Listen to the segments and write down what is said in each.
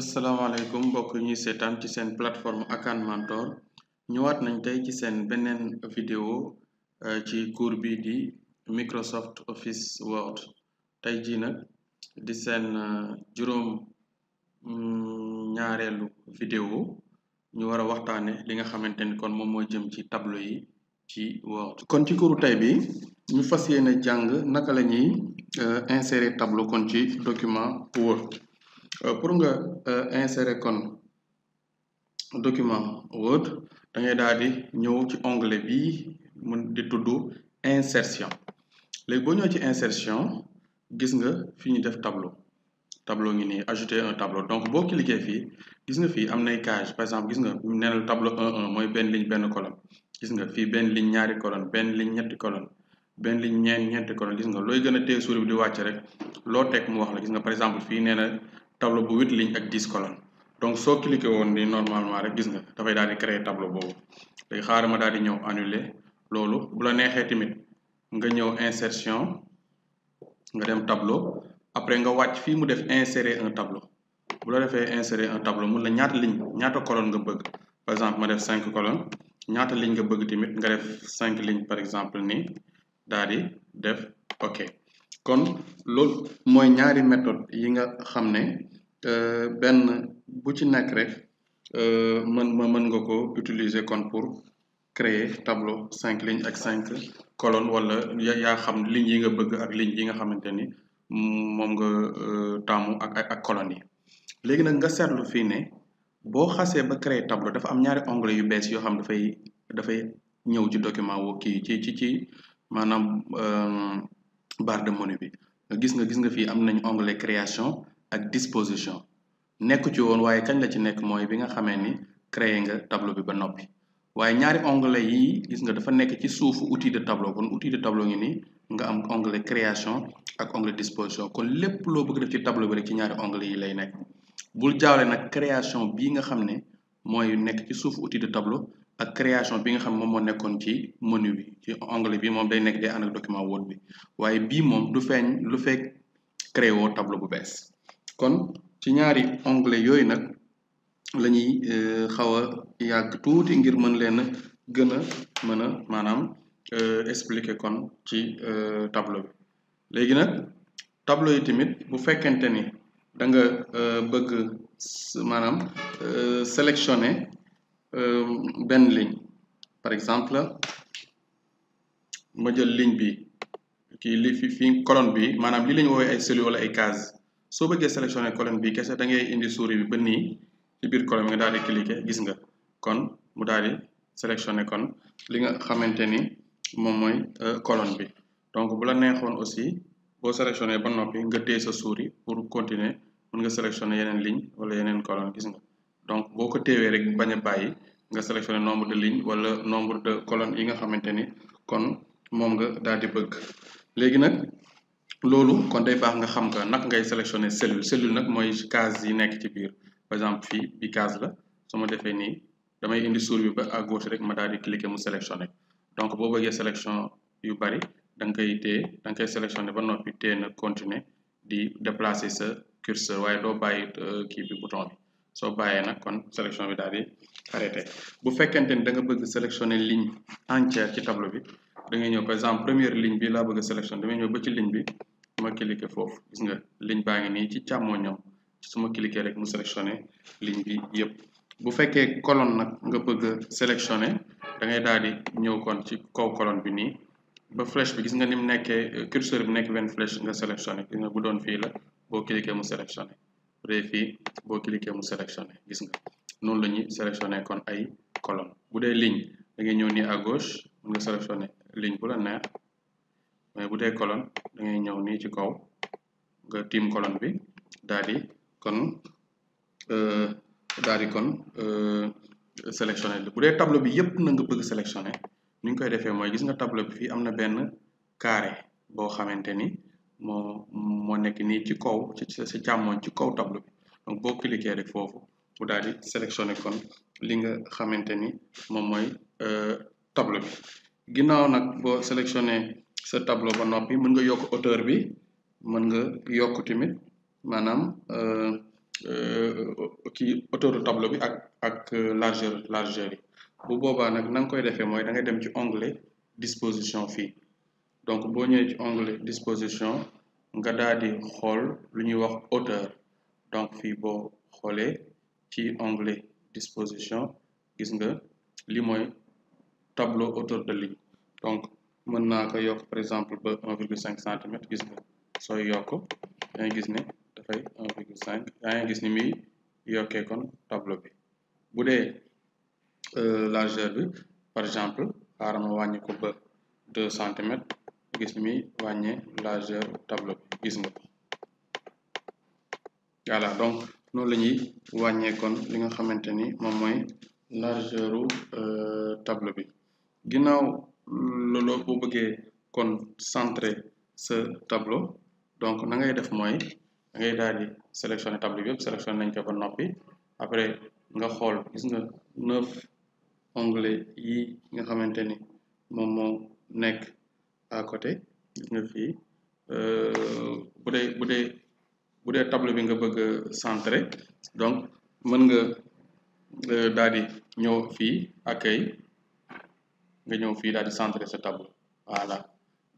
asalaamaaleykum mbokk yi ñuy seetaan ci seen plateforme Akan Mentor ñëwaat nañ tey ci seen beneen vidéo euh, ci cours bi di Microsoft Office Word tey jii nag di seen euh, juróom mm, ñaareelu vidéo ñu war a waxtaane li nga xamante ni kon moom moo jëm ci tableau yi ci Word kon ci cours tey bi ñu fas yéene jàng naka la ñuy euh, insérer tableau kon ci document Word Euh, pour nga euh, insérer kon document Word da ngay daal di ñëw ci onglet bii mun di tudd insertion léegi boo ñëw ci insertion gis nga fi ñu def tableau tableau ngi nii ajouter un tableau donc boo cliquer fii gis nga fii am nay cage par exemple gis nga neenal tableau mooy benn ligne benn colonne gis nga fii benn ligne ñaari kolon benn ligne ñetti colonne benn ligne ñeen ñeenti colonne gis nga looy gën a téye souris bi di wàcc rek loo teg mu wax la gis nga par exemple fii nee na tableau bu huit lignes ak dix colonnes donc soo cliqué woon ni normalement rek gis nga dafay daal di créer tableau boobu léegi xaaral ma daal di ñëw annuler loolu bu la neexee tamit nga ñëw insertion nga dem tableau après nga wàcc fii mu def insérer un tableau bu la defee insérer un tableau mu la ñaata ligne ñaata colonne nga bëgg par exemple ma def cinq colonnes ñaata ligne nga bëgg tamit nga def cinq lignes par exemple ni daal di def ok kon loolu mooy ñaari méthode yi nga xam ne euh, benn bu ci nekk rek euh, mën ma mën nga ko utiliser kon pour créer tableau cinq lignes ak cinq colonnes wala yaa xam lignes yi nga bëgg ak lignes yi nga xamante ni moom nga euh, taamu ak ak colonnes yi léegi nag nga seetlu fii ne boo xasee ba créer tableau dafa am ñaari onglet yu bees yoo xam dafay dafay ñëw ci document wu kii ci ci ci maanaam barre de menu bi nga gis nga gis nga fii am nañu onglet création ak disposition nekk ci woon waaye kañ la ci nekk mooy bi nga xamee ni créer nga tableau bi ba noppi waaye ñaari onglet yi gis nga dafa nekk ci suufu outil de tableau kon outil de tableau ngi nii nga am onglet création ak onglet disposition kon lépp loo bëgg def ci tableau bi rek ci ñaari onglet yi lay nekk bul jaawle nag création bii nga xam ne mooy nekk ci suufu outil de tableau ak création bi nga xam moom moo nekkoon ci menu bi ci onglet bi moom day nekk day ànd ak document Word bi waaye bii moom du feeñ lu fekk créé woo tableau bu bees kon ci ñaari onglet yooyu nag la ñuy euh, xaw a yàgg tuuti ngir mën leen gën a mën a maanaam euh, expliquer kon ci euh, tableau bi léegi nag tableau yi tamit bu fekkente ni da nga bëgg maanaam sélectionner benn ligne par exemple ma jël ligne bi kii li fi fi colonne bi maanaam li la ñu woowee ay cellules wala ay cases soo bëggee sélectionné colonne bi kese da ngay indi souris bi ba nii ci biir colonne bi nga daal di cliquer gis nga kon mu daal di sélectionné kon li nga xamante ni moom mooy euh, colonne bi donc bu la neexoon aussi boo sélectionné ba noppi nga téye sa souris pour continuer mën nga sélectionné yeneen ligne wala yeneen colonne gis nga. donc boo ko teewee rek bañ a bàyyi nga sélectionné nombre de lignes wala nombre de colonnes yi nga xamante ni kon moom nga daal di bëgg léegi nag loolu kon day baax nga xam nga nag ngay sélectionné cellule cellule nag mooy case yi nekk ci biir par exemple fii bi case la su ma defee nii damay indi souris bi ba à rek ma daal di cliquer mu sélectionné donc boo bëggee sélection yu bari danga nga koy téye da nga koy sélectionné ba noppi téye na continuer di déplacer sa curseur waaye doo bàyyi euh, kii bi bouton soo bàyyee nag kon sélection bi daal di arrêté bu fekkente ni da nga bëgg sélectionner ligne entière ci tableau bi da ngay ñëw par exemple première ligne bi laa bëgg a sélectionner damay ñëw ba ci ligne bi ma cliquer foofu nga ligne baa ngi nii ci càmmoñam su ma cliquer rek mu sélectionner ligne yëpp bu fekkee colonne nag nga bëgg a da ngay daal di ñëw kon ci kaw colonne bi nii ba flèche bi gis nga ni mu nekkee curseur bi nekk benn flèche nga sélectionner bu doon fii la boo cliquer mu sélectionner bu dee fii boo cliquer mu sélectionné gis nga noonu la ñuy sélectionné kon ay colonne bu dee ligne da ngay ñëw nii à gauche mën nga sélectionné ligne bu la neex mais bu dee colonne da ngay ñëw ni ci kaw nga tiim colonne bi daal di kon euh, daal di kon euh, sélectionné bu dee tableau bi yëpp na nga bëgg sélectionné ni ñu koy defee mooy gis nga tableau bi fii am na benn carré boo xamante ni moo moo nekk nii ci kaw ci sa càmmooñ ci kaw tableau bi donc boo cliquer rek foofu bu daal di sélectionner kon li nga xamante ni moom mooy euh, tableau bi ginnaaw nag boo sélectionner sa tableau ba noppi mën nga yokk hauteur bi mën nga yokk tamit maanaam euh, euh, kii hauteur tableau bi ak ak largeur largeur yi bu boobaa nag na koy defee mooy da ngay dem ci onglet disposition fii donc boo ñëwee ci onglet disposition nga daal xool lu ñuy wax hauteur donc fii boo xoolee ci onglet disposition gis nga li mooy tableau de ligne donc mën naa ko yokk par exemple ba 1,5 centimètre gis nga sooy yokk yaa ngi gis ne dafay 1,5 yaa ngi gis ni mi yokkee kon tableau bi bu dee euh, largeur bi par exemple xaaral ma wàññi ko ba 2 centimètres gis ni muy wàññee largeur tableau bi gis nga ko voilà donc noonu la ñuy wàññee kon li nga xamante ni moom mooy largeur euh, tableau bi ginnaaw loolu bu bëggee kon centrer sa tableau donc na ngay def mooy da ngay daal di sélectionner tableau bi yëpp sélectionné nañ ko ba noppi après nga xool yi nga xamante ni moom nekk à côté nga fii euh, bu dee bu dee dee tableau bi nga bëgg centré centrer donc mën nga euh, daal ñëw fii accueil nga ñëw fii daal centré sa tableau voilà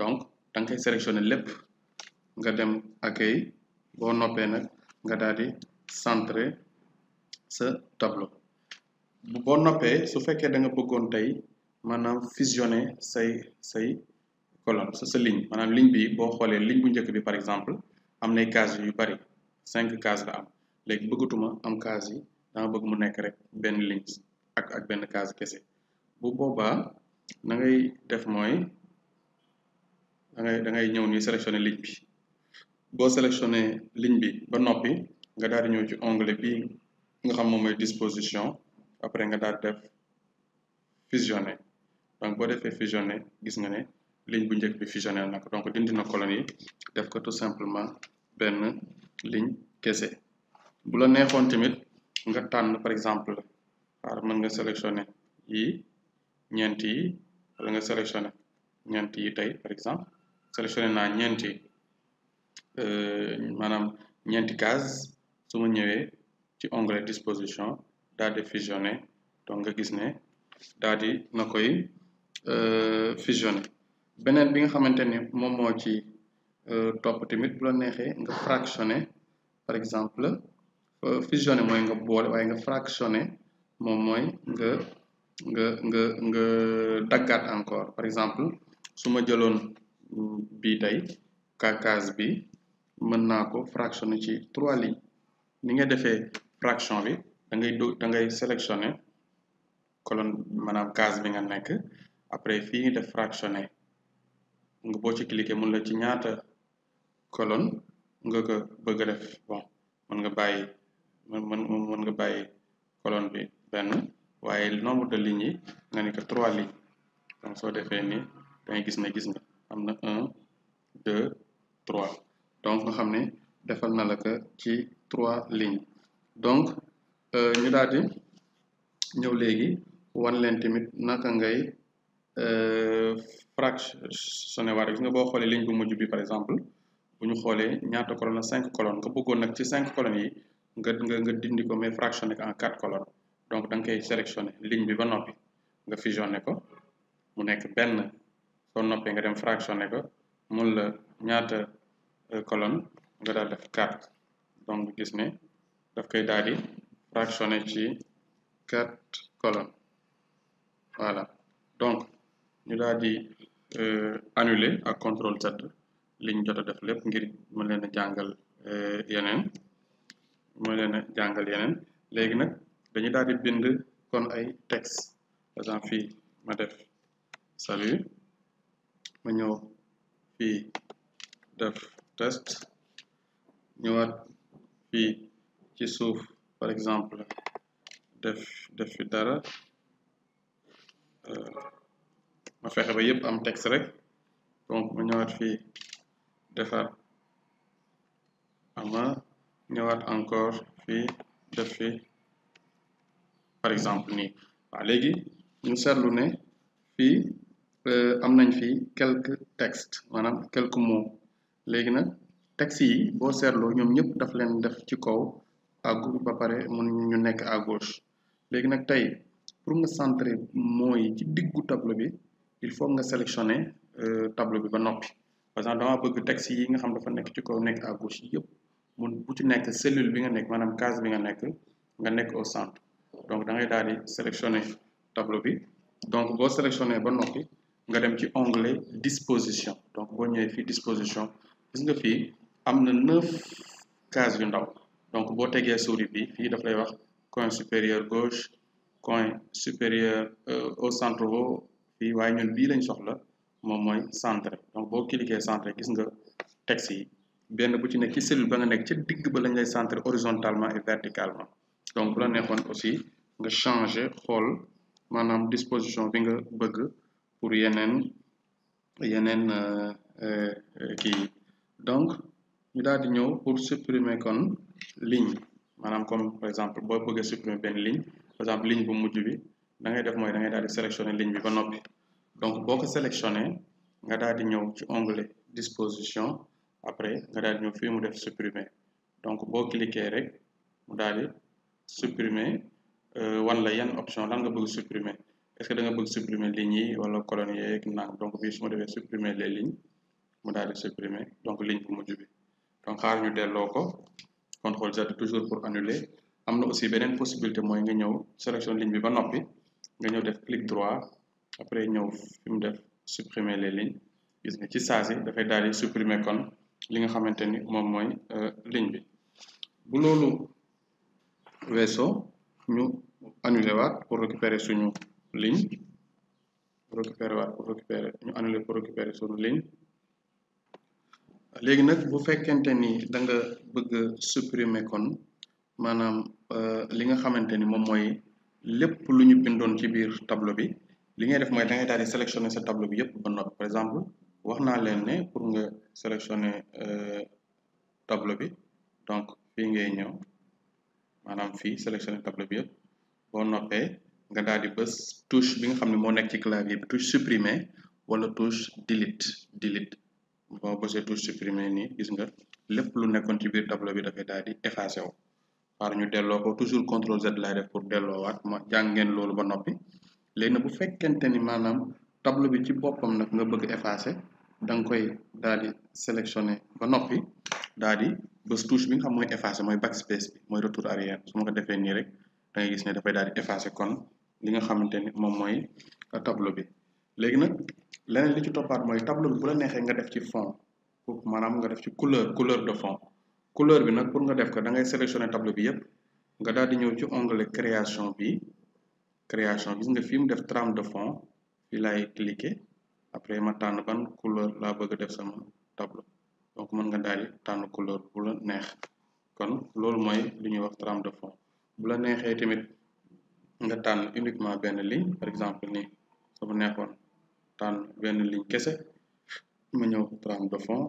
donc da kay koy lépp nga dem accueil boo noppee nag nga daal centré centrer sa tableau boo noppee su fekkee da nga bëggoon tey maanaam fusionner say say colonne sa sa ligne maanaam ligne bi boo xoolee ligne bu njëkk bi par exemple am nay cases yu bari cinq cases la am léegi bëggatuma am cases yi dama bëgg mu nekk rek benn ligne ak ak benn case kese bu boobaa na ngay def mooy da da ngay ñëw ni sélectionner ligne bi boo sélectionner ligne bi ba noppi nga daal ñëw ci onglet bi nga xam moom mooy disposition après nga daal def fusionner donc boo defee fusionner gis nga ne ligne bu njëkk bi fusionnel na ko donc dindi na colonie def ko tout simplement benn ligne kese bu la neexoon tamit nga tànn par exemple par mën nga sélectionné yi ñeent yi wala nga sélectionné ñeent yi tey par exemple sélectionné naa ñeenti euh, maanaam ñeenti case su ma ñëwee ci onglet disposition daal di fusionné donc nga gis ne daal di na koy euh, fusionné beneen bi nga xamante ni moom moo ci euh, topp tamit bu neexee nga fractionné par exemple euh, fusionné mooy nga boole waaye nga fractionné moom mooy nga nga nga nga daggaat encore par exemple su ma jëloon mm, bii tey case bi mën naa ko fractionné ci trois lignes ni nga defee fraction bi da ngay do da ngay sélectionné colonne maanaam case bi nga nekk après fii def fractionné nga boo ci cliquer mun la ci ñaata colonne nga ko bëgg a def bon nga bàyyi mën mën nga bàyyi colonne bi benn waaye nombre de lignes yi nga ne ko trois lignes donc soo defee ni da ngay gis ne gis nga am na un deux trois donc nga xam ne defal na la ko ci trois lignes donc euh, ñu daal ñëw léegi wan leen tamit naka ngay euh, fractionné gis nga boo xoolee ligne bu mujj bi par exemple bu ñu xoolee ñaata colonne cinq colonne nga bëggoon nag ci cinq colonnes yi nga nga nga dindi ko mais fractionné ko en quatre donc da nga koy sélectionné ligne bi ba noppi nga fusionné ko mu nekk benn soo noppee nga dem fractionné ko mun la ñaata euh, colonne nga daal def kat donc gis ne daf koy daal di fractionné ci quatre colonnes voilà donc ñu daal di Euh, annuler ak contrôle Z liñ jot a def lépp ngir mën leen a jàngal euh, yeneen mën leen a jàngal yeneen léegi nag dañu daal di bind kon ay texte par exemple fii ma def salut ma ñëw fii def test ñëwaat fii ci suuf par exemple def def fi dara euh, ma fexe ba yëpp am texte rek donc ma ñëwaat fii defaat ama ñëwaat encore fii def fi par exemple nii waaw léegi ñu seetlu ne fii euh, am nañ fi quelques textes maanaam quelques mots léegi nag texte yi boo seetloo ñoom ñëpp daf leen def ci kaw à gauche ba pare mun ñu nekk à gauche léegi nag tey pour nga centrer mots yi ci diggu tableau bi il faut nga sélectionner euh, tableau bi ba noppi parce que dama bëgg texte yi nga xam dafa nekk ci kaw nekk à gauche yëpp mun bu ci nekk cellule bi nga nekk maanaam case bi nga nekk nga nekk au centre donc da ngay daal di sélectionner tableau bi donc boo sélectionner ba noppi nga dem ci onglet disposition donc boo ñëwee fii disposition gis nga fii am na neuf cases yu ndaw donc boo tegee souris bi fii daf lay wax coin supérieure gauche coin supérieur euh, au centre haut fii waaye ñun bii lañ soxla moom mooy centre donc boo cliquer centre gis nga texte yi benn bu ki nekk ci cellule ba nga nekk ca digg ba lañ lay centre horizontalement et verticalement donc bu la neexoon aussi nga changer xool maanaam disposition bi nga bëgg pour yeneen yeneen euh, euh, kii donc ñu daal di ñëw pour supprimer kon ligne maanaam comme par exemple boo bëggee supprimer benn ligne par exemple ligne bu mujj bi da ngay def mooy da daal di sélectionné ligne bi ba noppi donc boo ko sélectionné nga daal di ñëw ci onglet disposition après nga daal di ñëw fii mu def supprimer donc boo cliqué rek mu daal di supprimer euh, wan la yan option lan nga bëgg supprimer est-ce que da nga bëgg supprimer wala colonne yeeg naan bii su ma defee supprimer les lignes mu daal di supprimer donc ligne bu mujj bi donc xaar ñu delloo ko contrôle Z toujours pour annuler am na aussi beneen possibilité mooy nga ñëw sélection ligne bi ba noppi. nga ñëw def clic droit après ñëw fi mu def supprimer les lignes gis nga ci saasi dafay daal di supprimer kon li nga xamante ni moom mooy euh, ligne bi bu loolu weesoo ñu annuler waat pour récupérer suñu ligne récupérer waat pour récupérer ñu annuler pour récupérer suñu ligne léegi nag bu fekkente ni da nga bëgg supprimer kon maanaam euh, li nga xamante ni moom mooy lépp lu ñu bindoon ci biir tableau bi li ngay def mooy da ngay daal di sélectionner sa tableau yëpp ba noppi par exemple wax naa leen ne pour nga sélectionner euh, tableau bi donc fii ngay ñëw maanaam fii sélectionner tableau bi yëpp boo noppee nga daal di bës touche bi nga xam ne moo nekk ci clavier bi touche supprimer wala touche delete delete boo bësee touche supprimer nii gis nga lépp lu nekkoon ci biir tableau bi dafay daal di effacé wu. par ñu delloo ko toujours contrôle Z lay def pour waat ma jàngeen loolu ba noppi léegi na bu fekkente ni maanaam tableau bi ci boppam nag nga bëgg effacer da nga koy ba noppi daal di bës touche bi nga xam mooy effacer mooy backspace bi mooy retour arrière su ma ko defee nii rek da ngay gis ne dafay daal di effacer kon li nga xamante ni moom mooy tableau bi léegi nag leneen li ci toppaat mooy tableau bi bu la neexee nga def ci fond pour maanaam nga def ci couleur couleur de fond couleur bi nag pour nga def ko dangay ngay sélectionner tableau bi yépp nga daal di ñëw ci onglet création bi création gis nga fii mu def trame de fond fii laay cliquer après ma tànn ban couleur laa bëgg a def sama tableau donc mën nga daal di tànn couleur bu la neex kon loolu mooy li ñuy wax trame de fond bu la neexee tamit nga tànn uniquement benn ligne par exemple ni nii sama neexoon tànn benn ligne kese ma ñëw trame de fond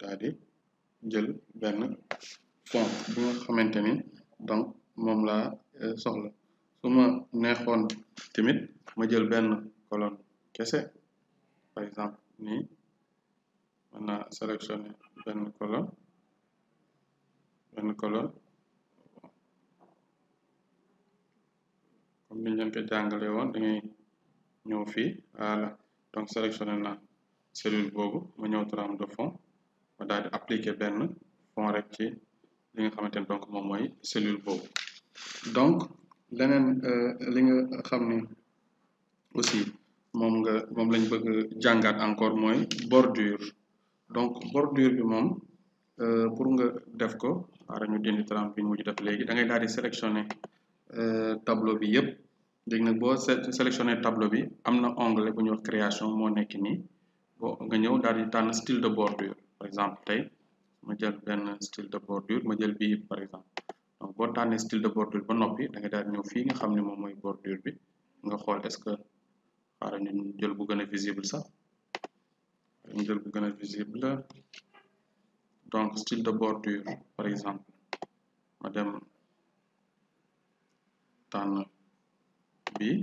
daal jël benn fond bi nga xamante ni donc moom laa euh, soxla suma ma neexoon tamit ma jël benn kolon kese par exemple nii mën benn colonne benn colonne comme ni ñu leen ko jàngale woon da ngay ñëw fii voilà donc sélectionné naa cellule boobu ma ñëw trame de fond ma daal di appliquer benn fond rek ci li nga xamante ne donc moom mooy cellule boobu donc leneen euh, li xam ni aussi moom nga moom lañ bëgg jàngat encore mooy bordure donc bordure bi moom euh, pour nga def ko ara ñu dindi trame bi ñu mujj def léegi da ngay daal di sélectionner euh, tableau bi yëpp léegi na boo sélectionner tableau bi am na onglet bu ñuy wax création moo nekk nii boo nga ñëw daal di tànn style de bordure par exemple tey ma jël benn style de bordure ma jël bii par exemple donc boo tànnee style de bordure ba noppi da nga daal ñëw fii nga xam ne moom mooy bordure bi nga xool es ce que xaaral ñu jël bu gën a visible sax jël bu gën a visible donc style de bordure par exemple ma dem tànn bii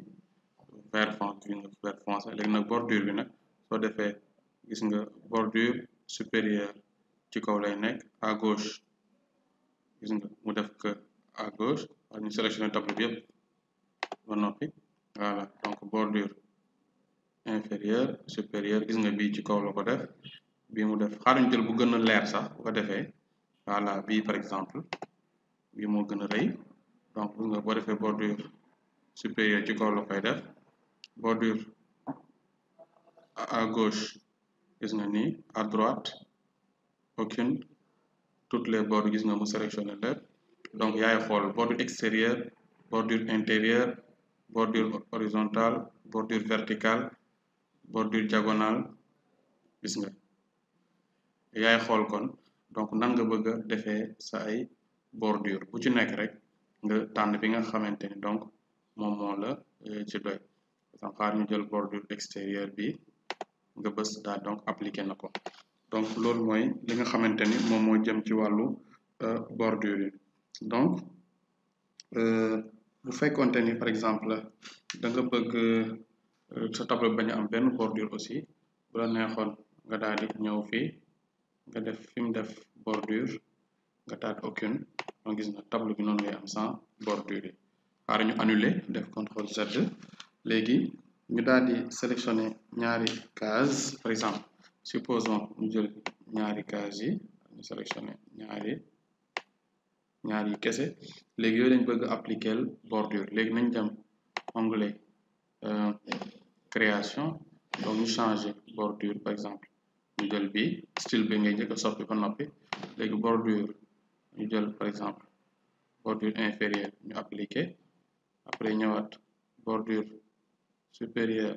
vert foncé vert foncé léegi nag bordure bi nag soo defee gis nga bordure supérieur ci kaw lay nekk à gauche gis nga mu def que à gauche waa ñu sélectionné tableau bi yëpp ba noppi voilà donc bordure inférieure supérieure gis nga bii ci kaw la ko def bi mu def xaaruñ jël bu gën a leer sax bu ko defee voilà bii par exemple bi moo gën a rëy donc gis nga boo defee bordure supérieure ci kaw la koy def bordure à gauche gis na ni à droite aucune les bords gis na mu sélectionné lépp donc yaay xool bordure extérieure bordure intérieure bordure horizontale bordure verticale bordure diagonale gis nga yaay xool kon donc nan nga bëgg a defee sa ay bordure bu ci nekk rek nga tànn bi nga xamante ni donc moom moo la euh, ci doy xaar ñu jël bordure extérieure bi nga bës daal donc appliqué na ko donc loolu mooy li nga xamante ni moom moo jëm ci wàllu euh, bordure yi donc euh, bu fekkonte ni par exemple da nga bëgg euh, sa tableau bañ a am benn bordure aussi bu la neexoon nga daal di ñëw fii nga def fi mu def bordure nga taat aucune moo gis na tableau bi noonu ngay am sans bordure yi xaar ñu annuler def contrôle Z léegi ñu daal di ñaari case par exemple supposons ñu jël ñaari case yi ñu sélectionner ñaari ñaari kese léegi yooyu dañ bëgg appliquer bordure léegi nañ dem onglet euh, création donc ñu changer bordure par exemple ñu jël bi style bi ngay njëkk a soppi ba noppi léegi bordure ñu jël par exemple bordure inférieure ñu appliquer après ñëwaat bordure supérieur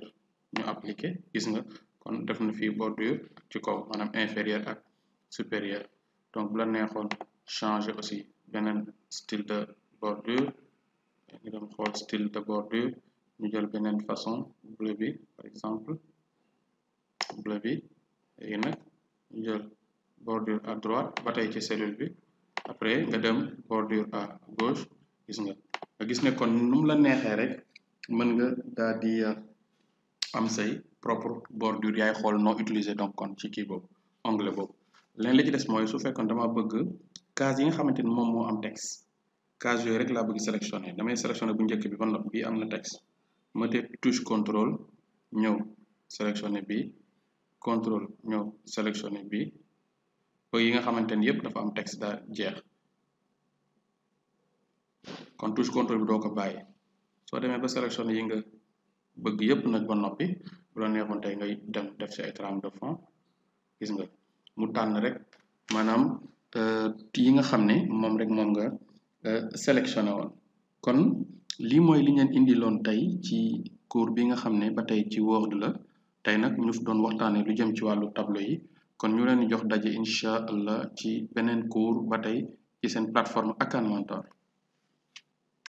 ñu appliqué gis nga kon def na fii bordure ci kaw maanaam inférieur ak supérieur donc bu la neexoon changer aussi beneen style de bordure ñu dem xool style de bordure ñu jël beneen façon bleu bi par exemple bleu bi léegi nag ñu jël bordure à droite ba tey ci cellule bi après nga dem bordure à gauche gis nga nga gis ne kon nu mu la neexee rek mën nga daal di euh, am say propre bordure yaay xool non utiliser donc kon ci kii boobu onglet boobu leneen li ci des mooy su fekkoon dama bëgg case yi nga xamante ni moom moo am texte case yooyu rek la bëgg sélectionné damay sélectionné bu njëkk bi ba noppi bii am na texte ma teg touche contrôle ñëw sélectionné bi contrôle ñëw sélectionné bi ba yi nga xamante ni yëpp dafa am texte daa jeex kon touche contrôle bi doo ko bàyyi soo demee ba sélection yi nga bëgg yëpp nag ba noppi bu la neexoon tey ngay dem def si ay trame de fond gis nga mu tànn rek maanaam euh, yi nga xam ne moom rek moom nga euh, sélectionné woon kon lii mooy li ngeen indiloon loon tey ci cours bi nga xam ne ba tey ci du la tey nag ñu doon waxtaan lu jëm ci wàllu tableau yi kon ñu leen jox daje incha allah ci beneen cours ba tey ci seen plateforme Akan Mentor